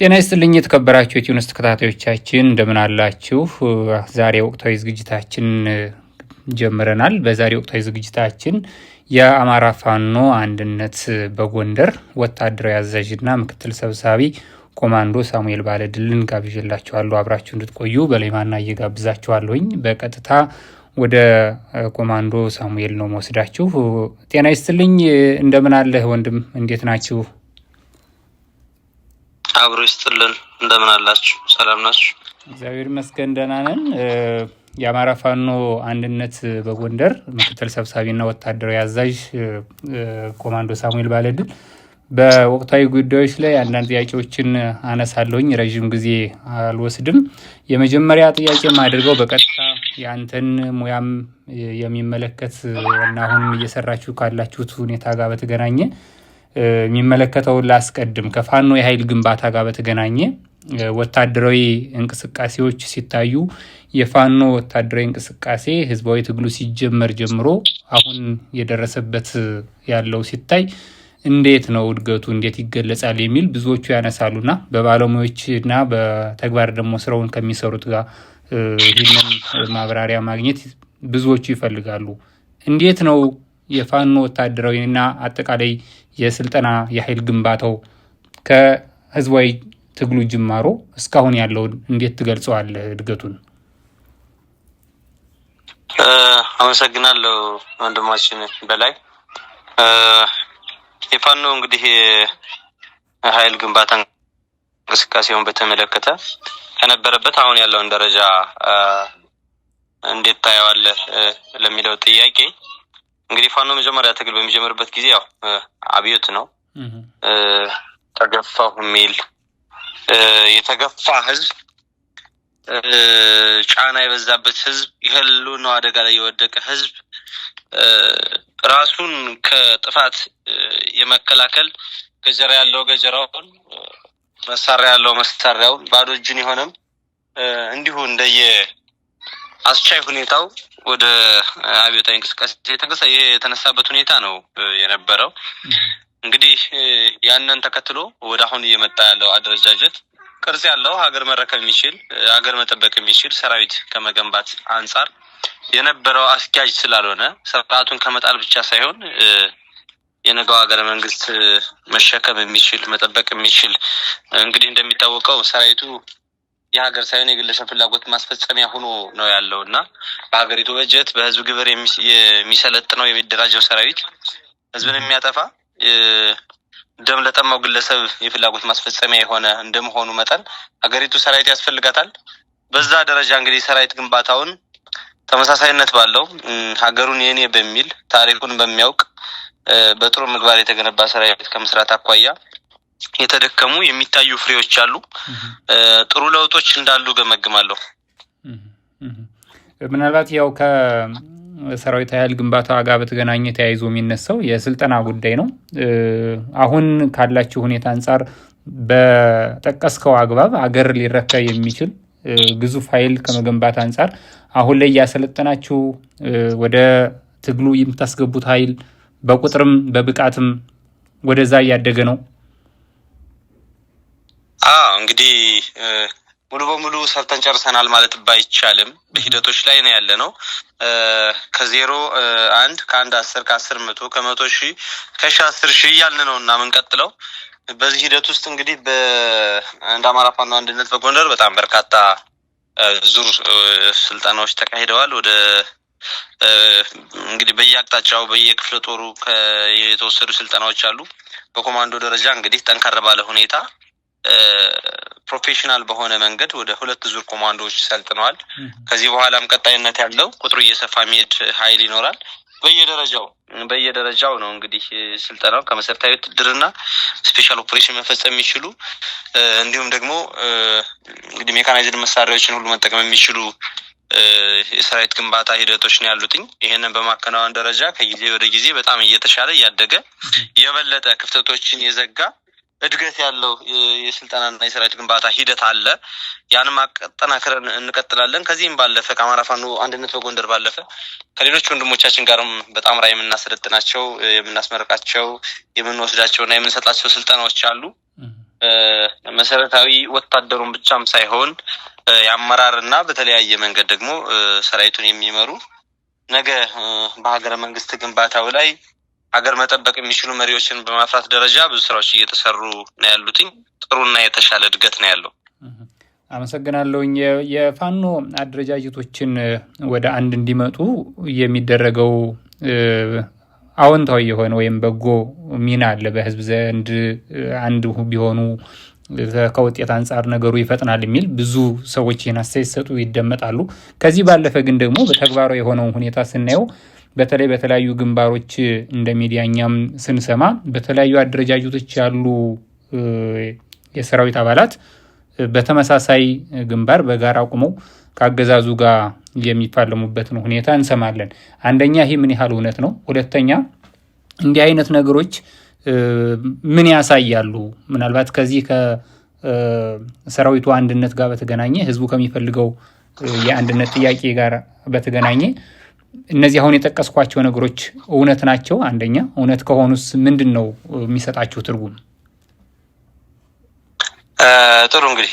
ጤና ይስጥልኝ የተከበራችሁ የቲዩንስ ተከታታዮቻችን እንደምን አላችሁ? ዛሬ ወቅታዊ ዝግጅታችን ጀምረናል። በዛሬ ወቅታዊ ዝግጅታችን የአማራ ፋኖ አንድነት በጎንደር ወታደራዊ አዛዥና ምክትል ሰብሳቢ ኮማንዶ ሳሙኤል ባለድልን ጋብዤላችኋለሁ። አብራችሁ እንድትቆዩ በሌማና እየጋብዛችኋለሁኝ። በቀጥታ ወደ ኮማንዶ ሳሙኤል ነው መወስዳችሁ። ጤና ይስጥልኝ እንደምን አለህ ወንድም፣ እንዴት ናችሁ? አብሮ ይስጥልን። እንደምን አላችሁ? ሰላም ናችሁ? እግዚአብሔር ይመስገን ደህና ነን። የአማራ ፋኖ አንድነት በጎንደር ምክትል ሰብሳቢና ወታደራዊ አዛዥ ኮማንዶ ሳሙኤል ባለድል በወቅታዊ ጉዳዮች ላይ አንዳንድ ጥያቄዎችን አነሳለሁኝ። ረዥም ጊዜ አልወስድም። የመጀመሪያ ጥያቄ ማድርገው በቀጥታ የአንተን ሙያም የሚመለከት እና አሁንም እየሰራችሁ ካላችሁት ሁኔታ ጋር በተገናኘ የሚመለከተውን ላስቀድም። ከፋኖ የኃይል ግንባታ ጋር በተገናኘ ወታደራዊ እንቅስቃሴዎች ሲታዩ የፋኖ ወታደራዊ እንቅስቃሴ ህዝባዊ ትግሉ ሲጀመር ጀምሮ አሁን የደረሰበት ያለው ሲታይ እንዴት ነው እድገቱ እንዴት ይገለጻል? የሚል ብዙዎቹ ያነሳሉና በባለሙያዎችና በተግባር ደግሞ ስራውን ከሚሰሩት ጋር ይህንን ማብራሪያ ማግኘት ብዙዎቹ ይፈልጋሉ። እንዴት ነው የፋኖ ወታደራዊና አጠቃላይ የስልጠና የኃይል ግንባታው ከህዝባዊ ትግሉ ጅማሮ እስካሁን ያለውን እንዴት ትገልጸዋለህ? እድገቱን። አመሰግናለሁ ወንድማችን በላይ። የፋኖ እንግዲህ የኃይል ግንባታ እንቅስቃሴውን በተመለከተ ከነበረበት አሁን ያለውን ደረጃ እንዴት ታየዋለህ ለሚለው ጥያቄ እንግዲህ ፋኖ መጀመሪያ ትግል በሚጀምርበት ጊዜ ያው አብዮት ነው ተገፋሁ የሚል የተገፋ ህዝብ ጫና የበዛበት ህዝብ ነው አደጋ ላይ የወደቀ ህዝብ ራሱን ከጥፋት የመከላከል ገጀራ ያለው ገጀራውን መሳሪያ ያለው መሳሪያውን ባዶ እጁን የሆነም እንዲሁ እንደየ አስቻይ ሁኔታው ወደ አብዮታዊ እንቅስቃሴ የተነሳበት ሁኔታ ነው የነበረው። እንግዲህ ያንን ተከትሎ ወደ አሁን እየመጣ ያለው አደረጃጀት ቅርጽ ያለው ሀገር መረከብ የሚችል ሀገር መጠበቅ የሚችል ሰራዊት ከመገንባት አንጻር የነበረው አስኪያጅ ስላልሆነ ስርዓቱን ከመጣል ብቻ ሳይሆን የነገው ሀገረ መንግስት መሸከም የሚችል መጠበቅ የሚችል እንግዲህ እንደሚታወቀው ሰራዊቱ የሀገር ሳይሆን የግለሰብ ፍላጎት ማስፈጸሚያ ሆኖ ነው ያለው እና በሀገሪቱ በጀት በህዝብ ግብር የሚሰለጥነው የሚደራጀው ሰራዊት ህዝብን የሚያጠፋ ደም ለጠማው ግለሰብ የፍላጎት ማስፈጸሚያ የሆነ እንደመሆኑ መጠን ሀገሪቱ ሰራዊት ያስፈልጋታል። በዛ ደረጃ እንግዲህ ሰራዊት ግንባታውን ተመሳሳይነት ባለው ሀገሩን የኔ በሚል ታሪኩን በሚያውቅ በጥሩ ምግባር የተገነባ ሰራዊት ከመስራት አኳያ የተደከሙ የሚታዩ ፍሬዎች አሉ። ጥሩ ለውጦች እንዳሉ ገመግማለሁ። ምናልባት ያው ከሰራዊት ኃይል ግንባታ ጋር በተገናኘ ተያይዞ የሚነሳው የስልጠና ጉዳይ ነው። አሁን ካላችሁ ሁኔታ አንጻር በጠቀስከው አግባብ አገር ሊረካ የሚችል ግዙፍ ኃይል ከመገንባት አንጻር አሁን ላይ እያሰለጠናችሁ ወደ ትግሉ የምታስገቡት ኃይል በቁጥርም በብቃትም ወደዛ እያደገ ነው። እንግዲህ ሙሉ በሙሉ ሰርተን ጨርሰናል ማለት ባይቻልም በሂደቶች ላይ ነው ያለ ነው። ከዜሮ አንድ ከአንድ አስር ከአስር መቶ ከመቶ ሺ ከሺ አስር ሺህ እያልን ነው እና የምንቀጥለው በዚህ ሂደት ውስጥ እንግዲህ በአንድ አማራ ፋኖ አንድነት በጎንደር በጣም በርካታ ዙር ስልጠናዎች ተካሂደዋል። ወደ እንግዲህ በየአቅጣጫው በየክፍለ ጦሩ የተወሰዱ ስልጠናዎች አሉ። በኮማንዶ ደረጃ እንግዲህ ጠንከር ባለ ሁኔታ ፕሮፌሽናል በሆነ መንገድ ወደ ሁለት ዙር ኮማንዶዎች ሰልጥነዋል። ከዚህ በኋላም ቀጣይነት ያለው ቁጥሩ እየሰፋ ሚሄድ ኃይል ይኖራል። በየደረጃው በየደረጃው ነው እንግዲህ ስልጠናው ከመሰረታዊ ውትድርና ስፔሻል ኦፕሬሽን መፈጸም የሚችሉ እንዲሁም ደግሞ እንግዲህ ሜካናይዝድ መሳሪያዎችን ሁሉ መጠቀም የሚችሉ የሰራዊት ግንባታ ሂደቶች ነው ያሉትኝ። ይህንን በማከናወን ደረጃ ከጊዜ ወደ ጊዜ በጣም እየተሻለ እያደገ የበለጠ ክፍተቶችን የዘጋ እድገት ያለው የስልጠናና የሰራዊት ግንባታ ሂደት አለ። ያንም አጠናክረን እንቀጥላለን። ከዚህም ባለፈ ከአማራ ፋኖ አንድነት በጎንደር ባለፈ ከሌሎች ወንድሞቻችን ጋርም በጣም ራ የምናሰለጥናቸው የምናስመርቃቸው፣ የምንወስዳቸውና የምንሰጣቸው ስልጠናዎች አሉ። መሰረታዊ ወታደሩን ብቻም ሳይሆን የአመራር እና በተለያየ መንገድ ደግሞ ሰራዊቱን የሚመሩ ነገ በሀገረ መንግስት ግንባታው ላይ ሀገር መጠበቅ የሚችሉ መሪዎችን በማፍራት ደረጃ ብዙ ስራዎች እየተሰሩ ነው ያሉትኝ። ጥሩና የተሻለ እድገት ነው ያለው። አመሰግናለሁኝ። የፋኖ አደረጃጀቶችን ወደ አንድ እንዲመጡ የሚደረገው አዎንታዊ የሆነ ወይም በጎ ሚና አለ በህዝብ ዘንድ አንድ ቢሆኑ ከውጤት አንጻር ነገሩ ይፈጥናል የሚል ብዙ ሰዎች ይህን አስተያየት ሲሰጡ ይደመጣሉ። ከዚህ ባለፈ ግን ደግሞ በተግባራዊ የሆነውን ሁኔታ ስናየው በተለይ በተለያዩ ግንባሮች እንደ ሚዲያኛም ስንሰማ በተለያዩ አደረጃጀቶች ያሉ የሰራዊት አባላት በተመሳሳይ ግንባር በጋራ ቁመው ከአገዛዙ ጋር የሚፋለሙበትን ሁኔታ እንሰማለን። አንደኛ ይህ ምን ያህል እውነት ነው? ሁለተኛ እንዲህ አይነት ነገሮች ምን ያሳያሉ? ምናልባት ከዚህ ከሰራዊቱ አንድነት ጋር በተገናኘ ህዝቡ ከሚፈልገው የአንድነት ጥያቄ ጋር በተገናኘ እነዚህ አሁን የጠቀስኳቸው ነገሮች እውነት ናቸው? አንደኛ እውነት ከሆኑስ ምንድን ነው የሚሰጣችሁ ትርጉም? ጥሩ እንግዲህ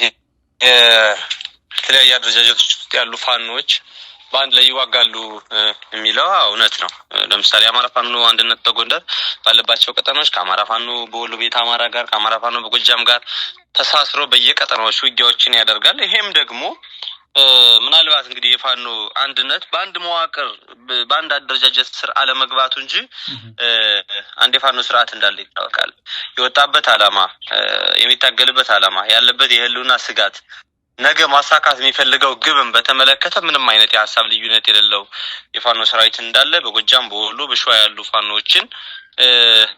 የተለያዩ አደረጃጀቶች ውስጥ ያሉ ፋኖች በአንድ ላይ ይዋጋሉ የሚለው እውነት ነው። ለምሳሌ የአማራ ፋኖ አንድነት በጎንደር ባለባቸው ቀጠናዎች ከአማራ ፋኖ በወሎ ቤት አማራ ጋር ከአማራ ፋኖ በጎጃም ጋር ተሳስሮ በየቀጠናዎች ውጊያዎችን ያደርጋል። ይሄም ደግሞ ምናልባት እንግዲህ የፋኖ አንድነት በአንድ መዋቅር በአንድ አደረጃጀት ስር አለመግባቱ እንጂ አንድ የፋኖ ስርዓት እንዳለ ይታወቃል። የወጣበት አላማ የሚታገልበት ዓላማ፣ ያለበት የህልውና ስጋት፣ ነገ ማሳካት የሚፈልገው ግብን በተመለከተ ምንም አይነት የሀሳብ ልዩነት የሌለው የፋኖ ሰራዊት እንዳለ በጎጃም በወሎ በሸዋ ያሉ ፋኖዎችን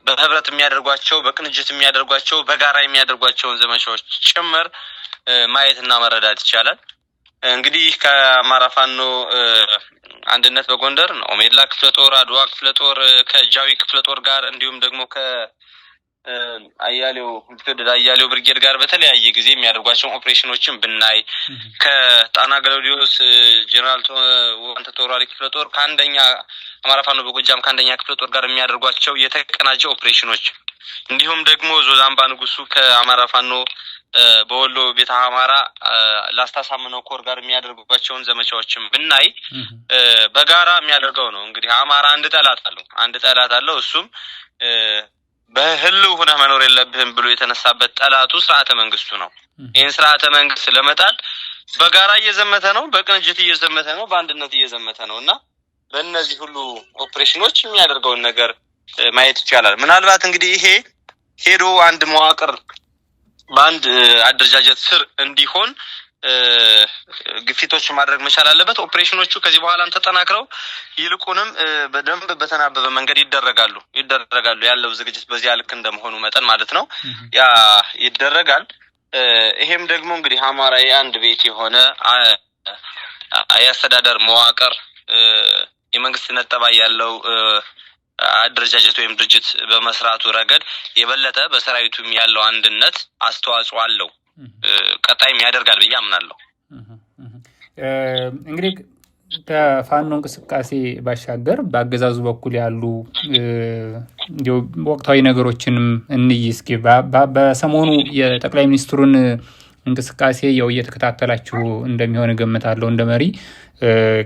በህብረት የሚያደርጓቸው በቅንጅት የሚያደርጓቸው በጋራ የሚያደርጓቸውን ዘመቻዎች ጭምር ማየትና መረዳት ይቻላል። እንግዲህ ከአማራ ፋኖ አንድነት በጎንደር ነው ሜላ ክፍለ ጦር፣ አድዋ ክፍለ ጦር ከጃዊ ክፍለ ጦር ጋር እንዲሁም ደግሞ ከአያሌው ተወደደ አያሌው ብርጌድ ጋር በተለያየ ጊዜ የሚያደርጓቸውን ኦፕሬሽኖችን ብናይ ከጣና ገለውዲዮስ ጀኔራል ዋንተ ተወራሪ ክፍለ ጦር ከአንደኛ አማራ ፋኖ በጎጃም ከአንደኛ ክፍለ ጦር ጋር የሚያደርጓቸው የተቀናጀ ኦፕሬሽኖች እንዲሁም ደግሞ ዞዛምባ ንጉሱ ከአማራ ፋኖ በወሎ ቤተ አማራ ላስታሳምነው ኮር ጋር የሚያደርጉባቸውን ዘመቻዎችም ብናይ በጋራ የሚያደርገው ነው። እንግዲህ አማራ አንድ ጠላት አለው፣ አንድ ጠላት አለው። እሱም በህልው ሆነ መኖር የለብህም ብሎ የተነሳበት ጠላቱ ስርዓተ መንግስቱ ነው። ይህን ስርዓተ መንግስት ለመጣል በጋራ እየዘመተ ነው፣ በቅንጅት እየዘመተ ነው፣ በአንድነት እየዘመተ ነው እና በእነዚህ ሁሉ ኦፕሬሽኖች የሚያደርገውን ነገር ማየት ይቻላል። ምናልባት እንግዲህ ይሄ ሄዶ አንድ መዋቅር በአንድ አደረጃጀት ስር እንዲሆን ግፊቶች ማድረግ መቻል አለበት። ኦፕሬሽኖቹ ከዚህ በኋላም ተጠናክረው ይልቁንም በደንብ በተናበበ መንገድ ይደረጋሉ ይደረጋሉ ያለው ዝግጅት በዚያ ልክ እንደመሆኑ መጠን ማለት ነው ያ ይደረጋል። ይሄም ደግሞ እንግዲህ አማራ የአንድ ቤት የሆነ የአስተዳደር መዋቅር የመንግስት ነጠባይ ያለው አደረጃጀት ወይም ድርጅት በመስራቱ ረገድ የበለጠ በሰራዊቱም ያለው አንድነት አስተዋጽኦ አለው፣ ቀጣይም ያደርጋል ብዬ አምናለሁ። እንግዲህ ከፋኖ እንቅስቃሴ ባሻገር በአገዛዙ በኩል ያሉ ወቅታዊ ነገሮችንም እንይ እስኪ። በሰሞኑ የጠቅላይ ሚኒስትሩን እንቅስቃሴ ያው እየተከታተላችሁ እንደሚሆን እገምታለሁ። እንደ መሪ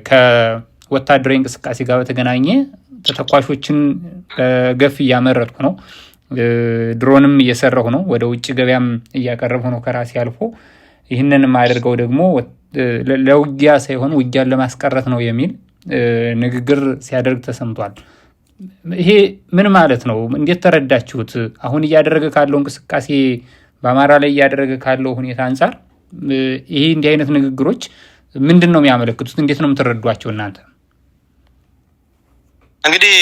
ከወታደራዊ እንቅስቃሴ ጋር በተገናኘ ተተኳሾችን ገፍ እያመረጥኩ ነው። ድሮንም እየሰራሁ ነው። ወደ ውጭ ገበያም እያቀረብሁ ነው ከራሴ አልፎ። ይህንን የማደርገው ደግሞ ለውጊያ ሳይሆን ውጊያን ለማስቀረት ነው የሚል ንግግር ሲያደርግ ተሰምቷል። ይሄ ምን ማለት ነው? እንዴት ተረዳችሁት? አሁን እያደረገ ካለው እንቅስቃሴ በአማራ ላይ እያደረገ ካለው ሁኔታ አንጻር ይሄ እንዲህ አይነት ንግግሮች ምንድን ነው የሚያመለክቱት? እንዴት ነው የምትረዷቸው እናንተ? እንግዲህ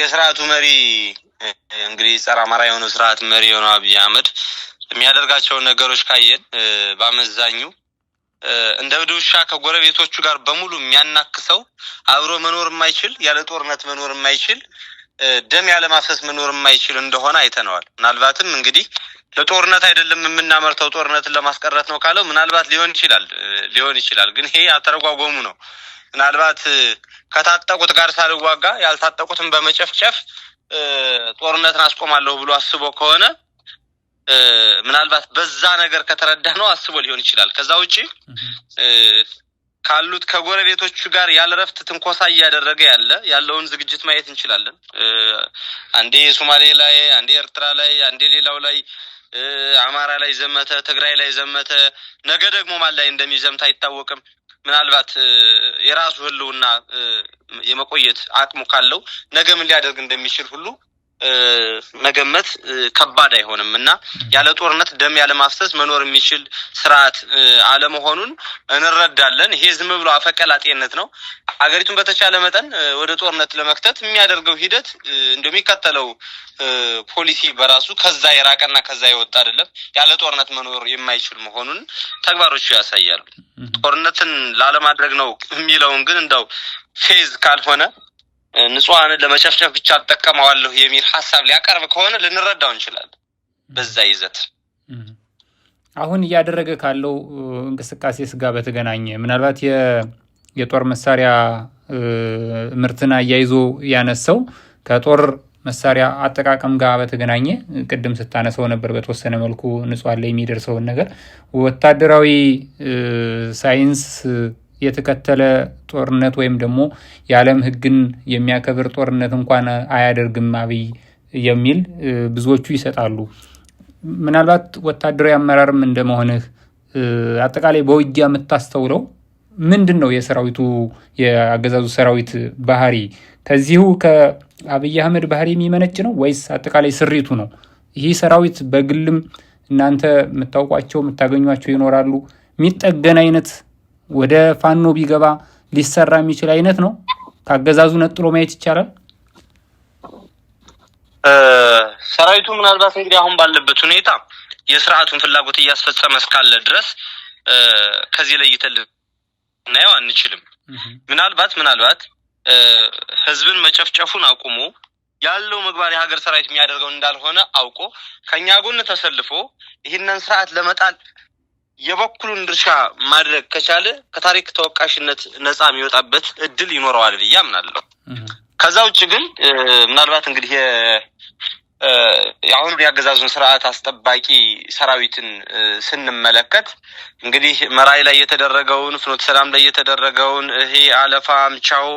የስርዓቱ መሪ እንግዲህ ጸረ አማራ የሆነ ስርዓት መሪ የሆነው አብይ አህመድ የሚያደርጋቸውን ነገሮች ካየን በአመዛኙ እንደ እብድ ውሻ ከጎረቤቶቹ ጋር በሙሉ የሚያናክሰው አብሮ መኖር የማይችል ያለ ጦርነት መኖር የማይችል ደም ያለማፍሰስ መኖር የማይችል እንደሆነ አይተነዋል። ምናልባትም እንግዲህ ለጦርነት አይደለም የምናመርተው ጦርነትን ለማስቀረት ነው ካለው ምናልባት ሊሆን ይችላል ሊሆን ይችላል። ግን ይሄ አተረጓጎሙ ነው ምናልባት ከታጠቁት ጋር ሳልዋጋ ያልታጠቁትን በመጨፍጨፍ ጦርነትን አስቆማለሁ ብሎ አስቦ ከሆነ ምናልባት በዛ ነገር ከተረዳ ነው አስቦ ሊሆን ይችላል። ከዛ ውጭ ካሉት ከጎረቤቶቹ ጋር ያለረፍት ትንኮሳ እያደረገ ያለ ያለውን ዝግጅት ማየት እንችላለን። አንዴ ሶማሌ ላይ፣ አንዴ ኤርትራ ላይ፣ አንዴ ሌላው ላይ አማራ ላይ ዘመተ፣ ትግራይ ላይ ዘመተ። ነገ ደግሞ ማን ላይ እንደሚዘምት አይታወቅም። ምናልባት የራሱ ህልውና የመቆየት አቅሙ ካለው ምን ሊያደርግ እንደሚችል ሁሉ መገመት ከባድ አይሆንም እና ያለ ጦርነት ደም ያለማፍሰስ መኖር የሚችል ስርዓት አለመሆኑን እንረዳለን። ይሄ ዝም ብሎ አፈቀላጤነት ነው። አገሪቱን በተቻለ መጠን ወደ ጦርነት ለመክተት የሚያደርገው ሂደት እንደሚከተለው ፖሊሲ በራሱ ከዛ የራቀና ከዛ የወጣ አይደለም። ያለ ጦርነት መኖር የማይችል መሆኑን ተግባሮቹ ያሳያሉ። ጦርነትን ላለማድረግ ነው የሚለውን ግን እንደው ፌዝ ካልሆነ ንጹሐንን ለመጨፍጨፍ ብቻ እጠቀመዋለሁ የሚል ሀሳብ ሊያቀርብ ከሆነ ልንረዳው እንችላለን። በዛ ይዘት አሁን እያደረገ ካለው እንቅስቃሴ ስጋ በተገናኘ ምናልባት የጦር መሳሪያ ምርትን አያይዞ ያነሳው ከጦር መሳሪያ አጠቃቀም ጋር በተገናኘ ቅድም ስታነሰው ነበር። በተወሰነ መልኩ ንጹሐን ላይ የሚደርሰውን ነገር ወታደራዊ ሳይንስ የተከተለ ጦርነት ወይም ደግሞ የዓለም ሕግን የሚያከብር ጦርነት እንኳን አያደርግም አብይ የሚል ብዙዎቹ ይሰጣሉ። ምናልባት ወታደራዊ አመራርም እንደመሆንህ አጠቃላይ በውጊያ የምታስተውለው ምንድን ነው? የሰራዊቱ የአገዛዙ ሰራዊት ባህሪ ከዚሁ ከአብይ አህመድ ባህሪ የሚመነጭ ነው ወይስ አጠቃላይ ስሪቱ ነው? ይህ ሰራዊት በግልም እናንተ የምታውቋቸው የምታገኟቸው ይኖራሉ የሚጠገን አይነት ወደ ፋኖ ቢገባ ሊሰራ የሚችል አይነት ነው። ከአገዛዙ ነጥሎ ማየት ይቻላል። ሰራዊቱ ምናልባት እንግዲህ አሁን ባለበት ሁኔታ የስርዓቱን ፍላጎት እያስፈጸመ እስካለ ድረስ ከዚህ ለይተን ልናየው አንችልም። ምናልባት ምናልባት ህዝብን መጨፍጨፉን አቁሞ ያለው ምግባር የሀገር ሰራዊት የሚያደርገው እንዳልሆነ አውቆ ከእኛ ጎን ተሰልፎ ይህንን ስርዓት ለመጣል የበኩሉን ድርሻ ማድረግ ከቻለ ከታሪክ ተወቃሽነት ነጻ የሚወጣበት እድል ይኖረዋል ብዬ አምናለሁ። ከዛ ውጭ ግን ምናልባት እንግዲህ የአሁኑን ያገዛዙን ስርዓት አስጠባቂ ሰራዊትን ስንመለከት እንግዲህ መራይ ላይ የተደረገውን ፍኖት ሰላም ላይ የተደረገውን ይሄ አለፋ ምቻው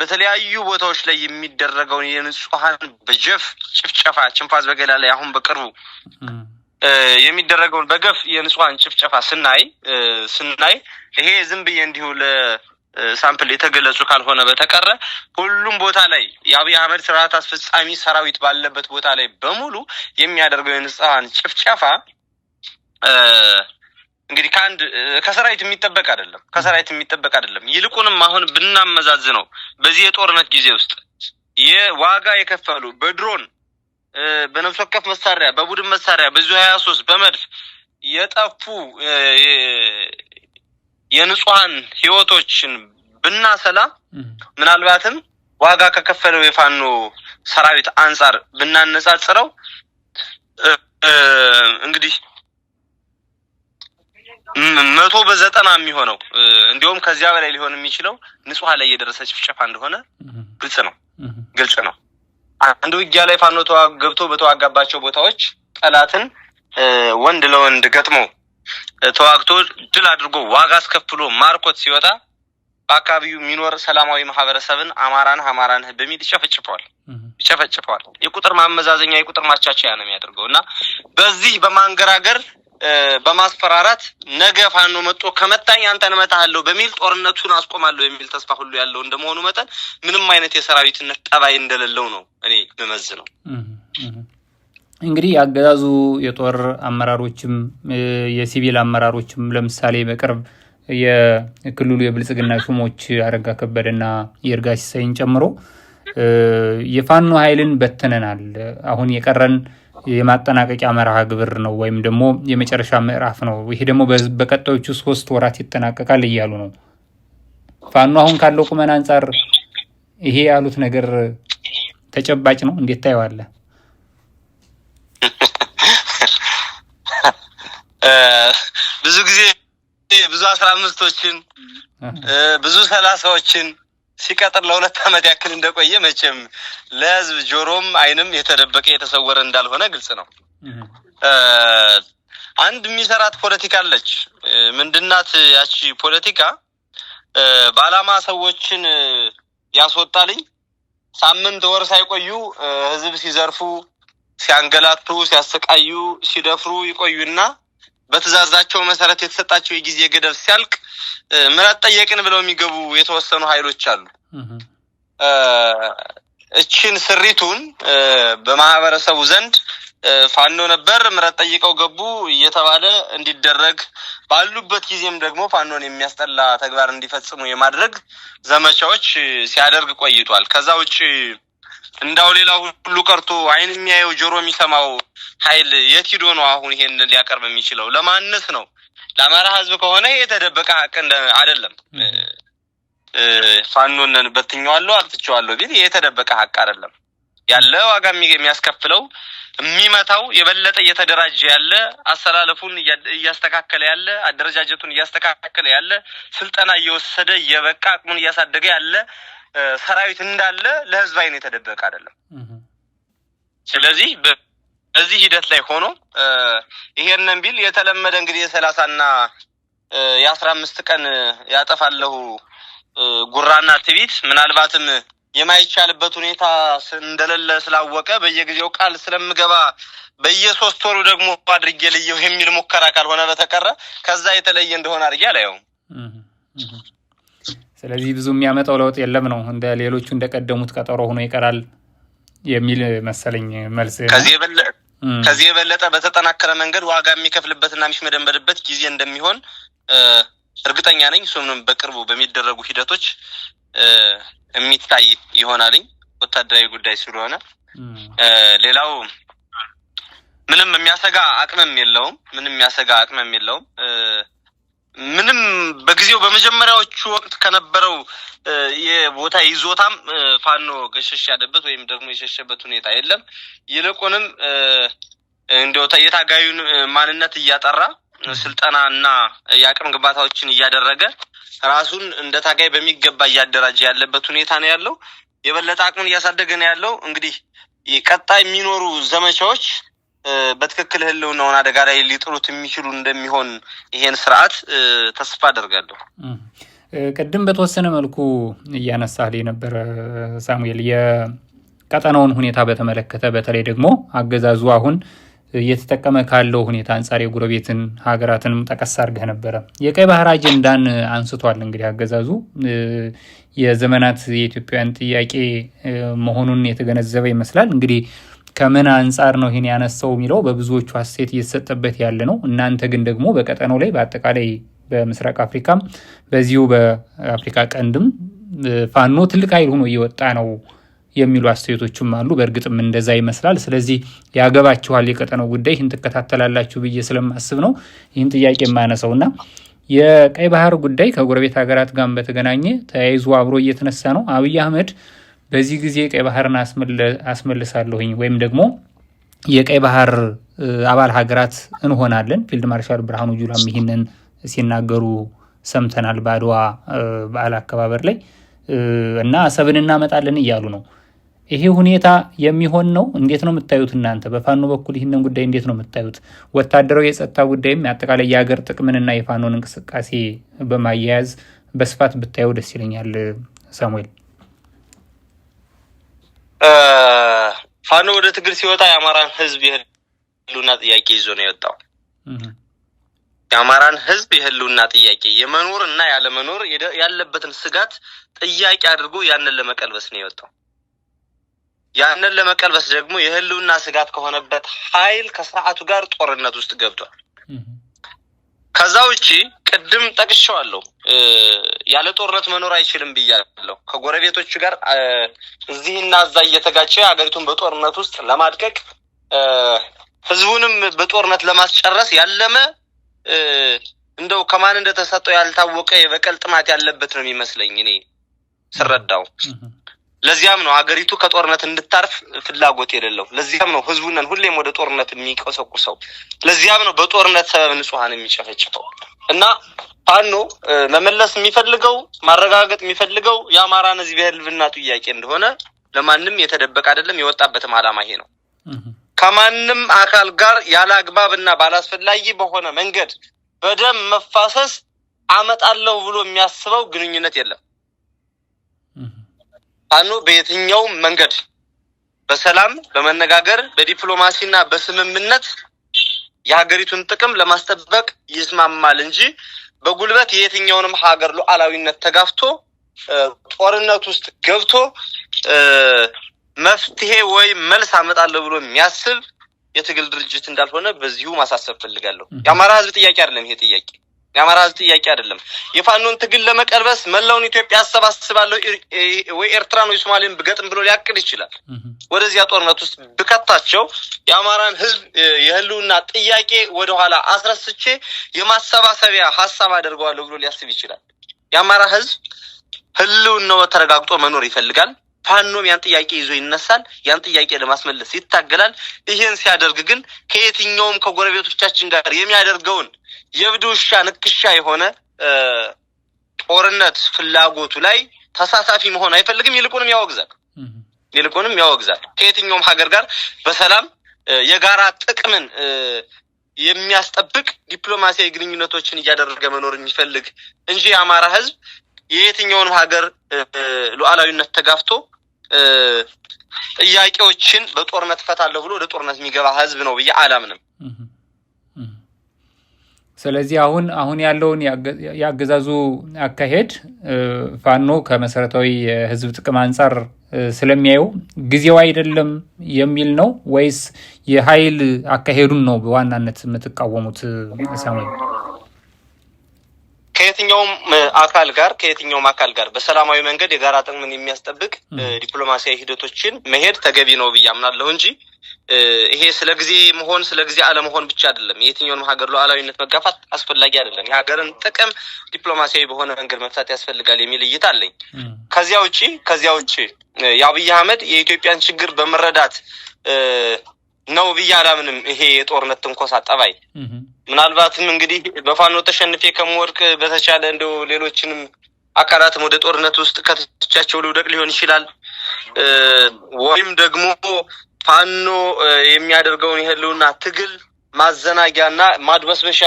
በተለያዩ ቦታዎች ላይ የሚደረገውን የንጹሀን በጀፍ ጭፍጨፋ ችንፋዝ በገላ ላይ አሁን በቅርቡ የሚደረገውን በገፍ የንጹሀን ጭፍጨፋ ስናይ ስናይ ይሄ ዝም ብዬ እንዲሁ ለሳምፕል የተገለጹ ካልሆነ በተቀረ ሁሉም ቦታ ላይ የአብይ አህመድ ስርዓት አስፈጻሚ ሰራዊት ባለበት ቦታ ላይ በሙሉ የሚያደርገው የንጹሀን ጭፍጨፋ እንግዲህ ከአንድ ከሰራዊት የሚጠበቅ አይደለም፣ ከሰራዊት የሚጠበቅ አይደለም። ይልቁንም አሁን ብናመዛዝ ነው በዚህ የጦርነት ጊዜ ውስጥ የዋጋ የከፈሉ በድሮን በነፍስ ወከፍ መሳሪያ፣ በቡድን መሳሪያ፣ ብዙ ሀያ ሶስት በመድፍ የጠፉ የንጹሀን ህይወቶችን ብናሰላ ምናልባትም ዋጋ ከከፈለው የፋኖ ሰራዊት አንጻር ብናነጻጽረው እንግዲህ መቶ በዘጠና የሚሆነው እንዲሁም ከዚያ በላይ ሊሆን የሚችለው ንጹሀን ላይ የደረሰ ጭፍጨፋ እንደሆነ ግልጽ ነው ግልጽ ነው። አንድ ውጊያ ላይ ፋኖ ገብቶ በተዋጋባቸው ቦታዎች ጠላትን ወንድ ለወንድ ገጥሞ ተዋግቶ ድል አድርጎ ዋጋ አስከፍሎ ማርኮት ሲወጣ በአካባቢው የሚኖር ሰላማዊ ማህበረሰብን አማራን አማራን በሚል ይጨፈጭፈዋል ይጨፈጭፈዋል። የቁጥር ማመዛዘኛ የቁጥር ማቻቻያ ነው የሚያደርገው እና በዚህ በማንገራገር በማስፈራራት ነገ ፋኖ መጦ ከመታኝ አንተን እመታሃለሁ በሚል ጦርነቱን አስቆማለሁ የሚል ተስፋ ሁሉ ያለው እንደመሆኑ መጠን ምንም አይነት የሰራዊትነት ጠባይ እንደሌለው ነው እኔ መመዝ ነው። እንግዲህ የአገዛዙ የጦር አመራሮችም የሲቪል አመራሮችም ለምሳሌ በቅርብ የክልሉ የብልጽግና ሹሞች አረጋ ከበደና የእርጋ ሲሳይን ጨምሮ የፋኖ ኃይልን በትነናል፣ አሁን የቀረን የማጠናቀቂያ መርሃ ግብር ነው ወይም ደግሞ የመጨረሻ ምዕራፍ ነው። ይሄ ደግሞ በቀጣዮቹ ሶስት ወራት ይጠናቀቃል እያሉ ነው። ፋኖ አሁን ካለው ቁመና አንጻር ይሄ ያሉት ነገር ተጨባጭ ነው። እንዴት ታየዋለህ? ብዙ ጊዜ ብዙ አስራ አምስቶችን ብዙ ሰላሳዎችን ሲቀጥር ለሁለት ዓመት ያክል እንደቆየ መቼም ለህዝብ ጆሮም አይንም የተደበቀ የተሰወረ እንዳልሆነ ግልጽ ነው። አንድ የሚሰራት ፖለቲካ አለች። ምንድናት ያቺ ፖለቲካ? በዓላማ ሰዎችን ያስወጣልኝ ሳምንት ወር ሳይቆዩ ህዝብ ሲዘርፉ፣ ሲያንገላቱ፣ ሲያሰቃዩ፣ ሲደፍሩ ይቆዩና በትእዛዛቸው መሰረት የተሰጣቸው የጊዜ ገደብ ሲያልቅ ምሕረት ጠየቅን ብለው የሚገቡ የተወሰኑ ኃይሎች አሉ። እችን ስሪቱን በማህበረሰቡ ዘንድ ፋኖ ነበር ምረት ጠይቀው ገቡ እየተባለ እንዲደረግ ባሉበት ጊዜም ደግሞ ፋኖን የሚያስጠላ ተግባር እንዲፈጽሙ የማድረግ ዘመቻዎች ሲያደርግ ቆይቷል። ከዛ ውጭ እንዳው ሌላ ሁሉ ቀርቶ አይን የሚያየው ጆሮ የሚሰማው ኃይል የት ሂዶ ነው አሁን ይሄን ሊያቀርብ የሚችለው? ለማንስ ነው? ለአማራ ህዝብ ከሆነ ይሄ የተደበቀ ሀቅ አይደለም። ፋኖነን በትኛዋለሁ አጥፍቼዋለሁ ቢል ይሄ የተደበቀ ሀቅ አይደለም። ያለ ዋጋ የሚያስከፍለው የሚመታው የበለጠ እየተደራጀ ያለ አሰላለፉን እያስተካከለ ያለ አደረጃጀቱን እያስተካከለ ያለ ስልጠና እየወሰደ እየበቃ አቅሙን እያሳደገ ያለ ሰራዊት እንዳለ ለህዝብ አይን የተደበቀ አይደለም። ስለዚህ በዚህ ሂደት ላይ ሆኖ ይሄንን ቢል የተለመደ እንግዲህ የሰላሳና የአስራ አምስት ቀን ያጠፋለሁ ጉራና ትቢት ምናልባትም የማይቻልበት ሁኔታ እንደሌለ ስላወቀ በየጊዜው ቃል ስለምገባ በየሶስት ወሩ ደግሞ አድርጌ ልየው የሚል ሙከራ ካልሆነ በተቀረ ከዛ የተለየ እንደሆነ አድርጌ አላየውም። ስለዚህ ብዙ የሚያመጣው ለውጥ የለም ነው እንደ ሌሎቹ እንደቀደሙት ቀጠሮ ሆኖ ይቀራል የሚል መሰለኝ መልስ። ከዚህ የበለጠ በተጠናከረ መንገድ ዋጋ የሚከፍልበትና የሚሽመደመድበት ጊዜ እንደሚሆን እርግጠኛ ነኝ። እሱም በቅርቡ በሚደረጉ ሂደቶች የሚታይ ይሆናልኝ ወታደራዊ ጉዳይ ስለሆነ ሌላው ምንም የሚያሰጋ አቅምም የለውም። ምንም የሚያሰጋ አቅምም የለውም። ምንም በጊዜው በመጀመሪያዎቹ ወቅት ከነበረው የቦታ ይዞታም ፋኖ ገሸሽ ያለበት ወይም ደግሞ የሸሸበት ሁኔታ የለም። ይልቁንም እንዲያው የታጋዩን ማንነት እያጠራ ስልጠና እና የአቅም ግንባታዎችን እያደረገ ራሱን እንደ ታጋይ በሚገባ እያደራጀ ያለበት ሁኔታ ነው ያለው። የበለጠ አቅምን እያሳደገ ነው ያለው። እንግዲህ ቀጣይ የሚኖሩ ዘመቻዎች በትክክል ህልውናውን አደጋ ላይ ሊጥሉት የሚችሉ እንደሚሆን ይሄን ስርዓት ተስፋ አደርጋለሁ። ቅድም በተወሰነ መልኩ እያነሳል የነበረ ሳሙኤል የቀጠናውን ሁኔታ በተመለከተ በተለይ ደግሞ አገዛዙ አሁን እየተጠቀመ ካለው ሁኔታ አንጻር የጎረቤትን ሀገራትንም ጠቀስ አድርገህ ነበረ። የቀይ ባህር አጀንዳን አንስቷል። እንግዲህ አገዛዙ የዘመናት የኢትዮጵያውያን ጥያቄ መሆኑን የተገነዘበ ይመስላል እንግዲህ ከምን አንጻር ነው ይህን ያነሳው የሚለው በብዙዎቹ ሀሴት እየተሰጠበት ያለ ነው። እናንተ ግን ደግሞ በቀጠናው ላይ በአጠቃላይ በምስራቅ አፍሪካም በዚሁ በአፍሪካ ቀንድም ፋኖ ትልቅ ኃይል ሆኖ እየወጣ ነው የሚሉ አስተያየቶችም አሉ። በእርግጥም እንደዛ ይመስላል። ስለዚህ ያገባችኋል የቀጠናው ጉዳይ ይህን ትከታተላላችሁ ብዬ ስለማስብ ነው ይህን ጥያቄ የማነሰው እና የቀይ ባህር ጉዳይ ከጎረቤት ሀገራት ጋር በተገናኘ ተያይዞ አብሮ እየተነሳ ነው አብይ አህመድ በዚህ ጊዜ ቀይ ባህርን አስመልሳለሁኝ ወይም ደግሞ የቀይ ባህር አባል ሀገራት እንሆናለን። ፊልድ ማርሻል ብርሃኑ ጁላም ይህንን ሲናገሩ ሰምተናል በአድዋ በዓል አከባበር ላይ እና አሰብን እናመጣለን እያሉ ነው። ይሄ ሁኔታ የሚሆን ነው? እንዴት ነው የምታዩት እናንተ? በፋኖ በኩል ይህንን ጉዳይ እንዴት ነው የምታዩት? ወታደራዊ የጸጥታ ጉዳይም አጠቃላይ የሀገር ጥቅምንና የፋኖን እንቅስቃሴ በማያያዝ በስፋት ብታየው ደስ ይለኛል ሳሙኤል። ፋኖ ወደ ትግል ሲወጣ የአማራን ህዝብ የህልውና ጥያቄ ይዞ ነው የወጣው። የአማራን ህዝብ የህልውና ጥያቄ የመኖር እና ያለመኖር ያለበትን ስጋት ጥያቄ አድርጎ ያንን ለመቀልበስ ነው የወጣው። ያንን ለመቀልበስ ደግሞ የህልውና ስጋት ከሆነበት ኃይል ከስርዓቱ ጋር ጦርነት ውስጥ ገብቷል። ከዛ ውጪ ቅድም ጠቅሸዋለሁ ያለ ጦርነት መኖር አይችልም ብያለሁ። ከጎረቤቶቹ ጋር እዚህና እዛ እየተጋጨ ሀገሪቱን በጦርነት ውስጥ ለማድቀቅ ህዝቡንም በጦርነት ለማስጨረስ ያለመ እንደው ከማን እንደተሰጠው ያልታወቀ የበቀል ጥማት ያለበት ነው የሚመስለኝ እኔ ስረዳው። ለዚያም ነው አገሪቱ ከጦርነት እንድታርፍ ፍላጎት የሌለው። ለዚያም ነው ህዝቡን ሁሌም ወደ ጦርነት የሚቀሰቁሰው። ለዚያም ነው በጦርነት ሰበብ ንጹሐን የሚጨፈጭፈው እና ፋኖ መመለስ የሚፈልገው ማረጋገጥ የሚፈልገው የአማራን ህዝብ የህልውና ጥያቄ እንደሆነ ለማንም የተደበቀ አይደለም። የወጣበትም አላማ ይሄ ነው። ከማንም አካል ጋር ያለ አግባብ እና ባላስፈላጊ በሆነ መንገድ በደም መፋሰስ አመጣለሁ ብሎ የሚያስበው ግንኙነት የለም። ፋኖ በየትኛው መንገድ በሰላም በመነጋገር በዲፕሎማሲና በስምምነት የሀገሪቱን ጥቅም ለማስጠበቅ ይስማማል እንጂ በጉልበት የየትኛውንም ሀገር ሉዓላዊነት ተጋፍቶ ጦርነት ውስጥ ገብቶ መፍትሄ ወይም መልስ አመጣለሁ ብሎ የሚያስብ የትግል ድርጅት እንዳልሆነ በዚሁ ማሳሰብ ፈልጋለሁ። የአማራ ህዝብ ጥያቄ አይደለም ይሄ ጥያቄ። የአማራ ህዝብ ጥያቄ አይደለም። የፋኖን ትግል ለመቀልበስ መላውን ኢትዮጵያ አሰባስባለሁ ወይ ኤርትራን ወይ ሶማሌን ብገጥም ብሎ ሊያቅድ ይችላል። ወደዚያ ጦርነት ውስጥ ብከታቸው የአማራን ህዝብ የህልውና ጥያቄ ወደኋላ አስረስቼ የማሰባሰቢያ ሀሳብ አደርገዋለሁ ብሎ ሊያስብ ይችላል። የአማራ ህዝብ ህልውናው ተረጋግጦ መኖር ይፈልጋል። ፋኖም ያን ጥያቄ ይዞ ይነሳል። ያን ጥያቄ ለማስመለስ ይታገላል። ይህን ሲያደርግ ግን ከየትኛውም ከጎረቤቶቻችን ጋር የሚያደርገውን የብድ ውሻ ንክሻ የሆነ ጦርነት ፍላጎቱ ላይ ተሳታፊ መሆን አይፈልግም። ይልቁንም ያወግዛል ይልቁንም ያወግዛል። ከየትኛውም ሀገር ጋር በሰላም የጋራ ጥቅምን የሚያስጠብቅ ዲፕሎማሲያዊ ግንኙነቶችን እያደረገ መኖር የሚፈልግ እንጂ የአማራ ሕዝብ የየትኛውን ሀገር ሉዓላዊነት ተጋፍቶ ጥያቄዎችን በጦርነት እፈታለሁ ብሎ ወደ ጦርነት የሚገባ ሕዝብ ነው ብዬ አላምንም። ስለዚህ አሁን አሁን ያለውን የአገዛዙ አካሄድ ፋኖ ከመሰረታዊ የህዝብ ጥቅም አንጻር ስለሚያየው ጊዜው አይደለም የሚል ነው ወይስ የኃይል አካሄዱን ነው በዋናነት የምትቃወሙት? ሳሙኤል፣ ከየትኛውም አካል ጋር ከየትኛውም አካል ጋር በሰላማዊ መንገድ የጋራ ጥቅምን የሚያስጠብቅ ዲፕሎማሲያዊ ሂደቶችን መሄድ ተገቢ ነው ብዬ አምናለሁ እንጂ ይሄ ስለ ጊዜ መሆን ስለ ጊዜ አለመሆን ብቻ አይደለም። የትኛውንም ሀገር ሉዓላዊነት መጋፋት አስፈላጊ አይደለም። የሀገርን ጥቅም ዲፕሎማሲያዊ በሆነ መንገድ መፍታት ያስፈልጋል የሚል እይታ አለኝ። ከዚያ ውጭ ከዚያ ውጭ የአብይ አህመድ የኢትዮጵያን ችግር በመረዳት ነው ብዬ አላምንም። ይሄ የጦርነት ትንኮሳ ጠባይ ምናልባትም እንግዲህ በፋኖ ተሸንፌ ከምወድቅ በተቻለ እንደው ሌሎችንም አካላትም ወደ ጦርነት ውስጥ ከተቻቸው ልውደቅ ሊሆን ይችላል ወይም ደግሞ ፋኖ የሚያደርገውን የህልውና ትግል ማዘናጊያና ማድበስበሻ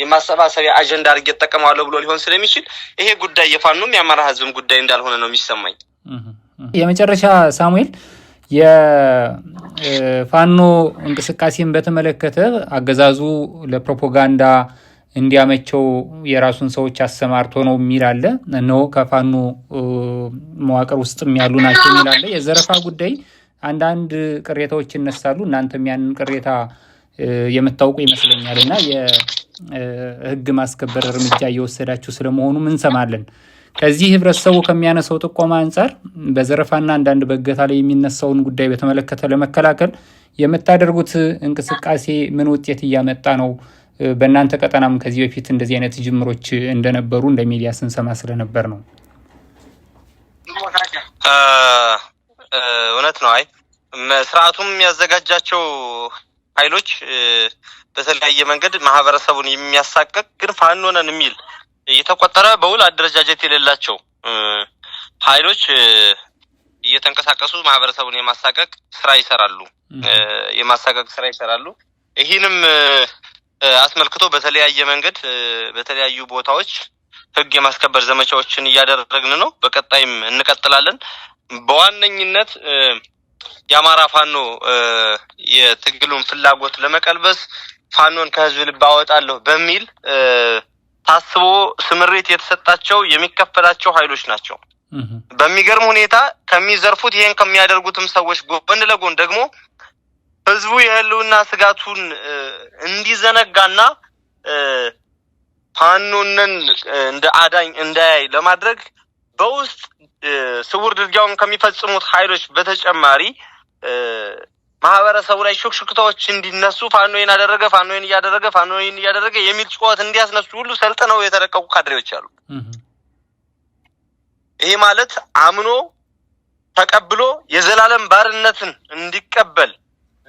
የማሰባሰቢያ አጀንዳ አድርጌ እጠቀማለሁ ብሎ ሊሆን ስለሚችል ይሄ ጉዳይ የፋኖም የአማራ ህዝብም ጉዳይ እንዳልሆነ ነው የሚሰማኝ። የመጨረሻ ሳሙኤል፣ የፋኖ እንቅስቃሴን በተመለከተ አገዛዙ ለፕሮፓጋንዳ እንዲያመቸው የራሱን ሰዎች አሰማርቶ ነው የሚል አለ። እነሆ ከፋኖ መዋቅር ውስጥ ያሉ ናቸው የሚል አለ። የዘረፋ ጉዳይ አንዳንድ ቅሬታዎች ይነሳሉ። እናንተም ያንን ቅሬታ የምታውቁ ይመስለኛል እና የህግ ማስከበር እርምጃ እየወሰዳችሁ ስለመሆኑም እንሰማለን። ከዚህ ህብረተሰቡ ከሚያነሳው ጥቆማ አንጻር በዘረፋና አንዳንድ በእገታ ላይ የሚነሳውን ጉዳይ በተመለከተ ለመከላከል የምታደርጉት እንቅስቃሴ ምን ውጤት እያመጣ ነው? በእናንተ ቀጠናም ከዚህ በፊት እንደዚህ አይነት ጅምሮች እንደነበሩ እንደ ሚዲያ ስንሰማ ስለነበር ነው። እውነት ነው። አይ ስርዓቱም የሚያዘጋጃቸው ኃይሎች በተለያየ መንገድ ማህበረሰቡን የሚያሳቀቅ ግን ፋኖ ነን የሚል እየተቆጠረ በውል አደረጃጀት የሌላቸው ኃይሎች እየተንቀሳቀሱ ማህበረሰቡን የማሳቀቅ ስራ ይሰራሉ የማሳቀቅ ስራ ይሰራሉ። ይህንም አስመልክቶ በተለያየ መንገድ በተለያዩ ቦታዎች ህግ የማስከበር ዘመቻዎችን እያደረግን ነው። በቀጣይም እንቀጥላለን። በዋነኝነት የአማራ ፋኖ የትግሉን ፍላጎት ለመቀልበስ ፋኖን ከህዝብ ልብ አወጣለሁ በሚል ታስቦ ስምሪት የተሰጣቸው የሚከፈላቸው ኃይሎች ናቸው። በሚገርም ሁኔታ ከሚዘርፉት ይሄን ከሚያደርጉትም ሰዎች ጎን ለጎን ደግሞ ህዝቡ የህልውና ስጋቱን እንዲዘነጋና ፋኖንን እንደ አዳኝ እንዳያይ ለማድረግ በውስጥ ስውር ድርጊያውን ከሚፈጽሙት ኃይሎች በተጨማሪ ማህበረሰቡ ላይ ሹክሹክታዎች እንዲነሱ ፋኖይን አደረገ ፋኖይን እያደረገ ፋኖይን እያደረገ የሚል ጩኸት እንዲያስነሱ ሁሉ ሰልጥነው የተለቀቁ ካድሬዎች አሉ። ይሄ ማለት አምኖ ተቀብሎ የዘላለም ባርነትን እንዲቀበል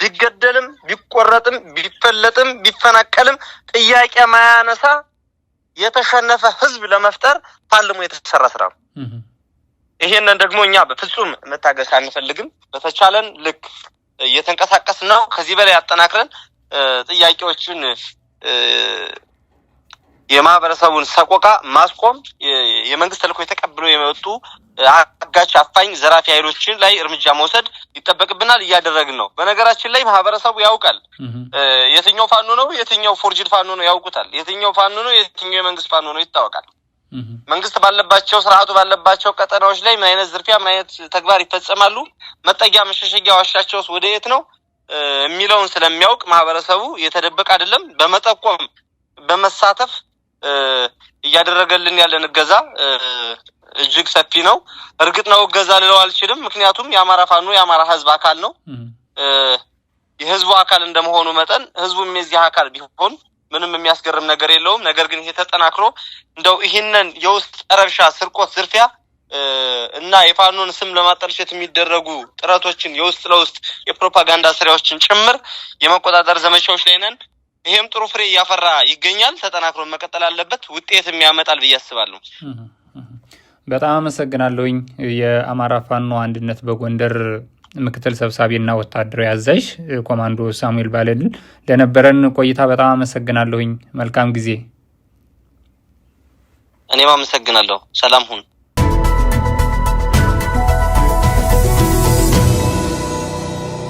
ቢገደልም ቢቆረጥም ቢፈለጥም ቢፈናቀልም ጥያቄ ማያነሳ የተሸነፈ ህዝብ ለመፍጠር ታልሞ የተሰራ ስራ ነው። ይሄንን ደግሞ እኛ በፍጹም መታገስ አንፈልግም። በተቻለን ልክ እየተንቀሳቀስ ነው። ከዚህ በላይ አጠናክረን ጥያቄዎችን የማህበረሰቡን ሰቆቃ ማስቆም የመንግስት ተልኮ ተቀብለው የመጡ አጋች፣ አፋኝ፣ ዘራፊ ኃይሎችን ላይ እርምጃ መውሰድ ይጠበቅብናል። እያደረግን ነው። በነገራችን ላይ ማህበረሰቡ ያውቃል። የትኛው ፋኖ ነው፣ የትኛው ፎርጅድ ፋኖ ነው ያውቁታል። የትኛው ፋኖ ነው፣ የትኛው የመንግስት ፋኖ ነው ይታወቃል። መንግስት ባለባቸው ስርዓቱ ባለባቸው ቀጠናዎች ላይ ምን አይነት ዝርፊያ፣ ምን አይነት ተግባር ይፈጸማሉ፣ መጠጊያ መሸሸጊያ ዋሻቸውስ ወደ የት ነው የሚለውን ስለሚያውቅ ማህበረሰቡ የተደበቀ አይደለም። በመጠቆም በመሳተፍ እያደረገልን ያለን እገዛ እጅግ ሰፊ ነው። እርግጥ ነው እገዛ ልለው አልችልም፣ ምክንያቱም የአማራ ፋኖ የአማራ ህዝብ አካል ነው። የህዝቡ አካል እንደመሆኑ መጠን ህዝቡም የዚህ አካል ቢሆን ምንም የሚያስገርም ነገር የለውም። ነገር ግን ይሄ ተጠናክሮ እንደው ይህንን የውስጥ ረብሻ፣ ስርቆት፣ ዝርፊያ እና የፋኖን ስም ለማጠልሸት የሚደረጉ ጥረቶችን የውስጥ ለውስጥ የፕሮፓጋንዳ ስራዎችን ጭምር የመቆጣጠር ዘመቻዎች ላይ ነን። ይሄም ጥሩ ፍሬ እያፈራ ይገኛል። ተጠናክሮ መቀጠል አለበት። ውጤትም ያመጣል ብዬ አስባለሁ። በጣም አመሰግናለሁኝ። የአማራ ፋኖ አንድነት በጎንደር ምክትል ሰብሳቢና ወታደራዊ አዛዥ ኮማንዶ ሳሙኤል ባለድል ለነበረን ቆይታ በጣም አመሰግናለሁኝ። መልካም ጊዜ። እኔም አመሰግናለሁ። ሰላም ሁን።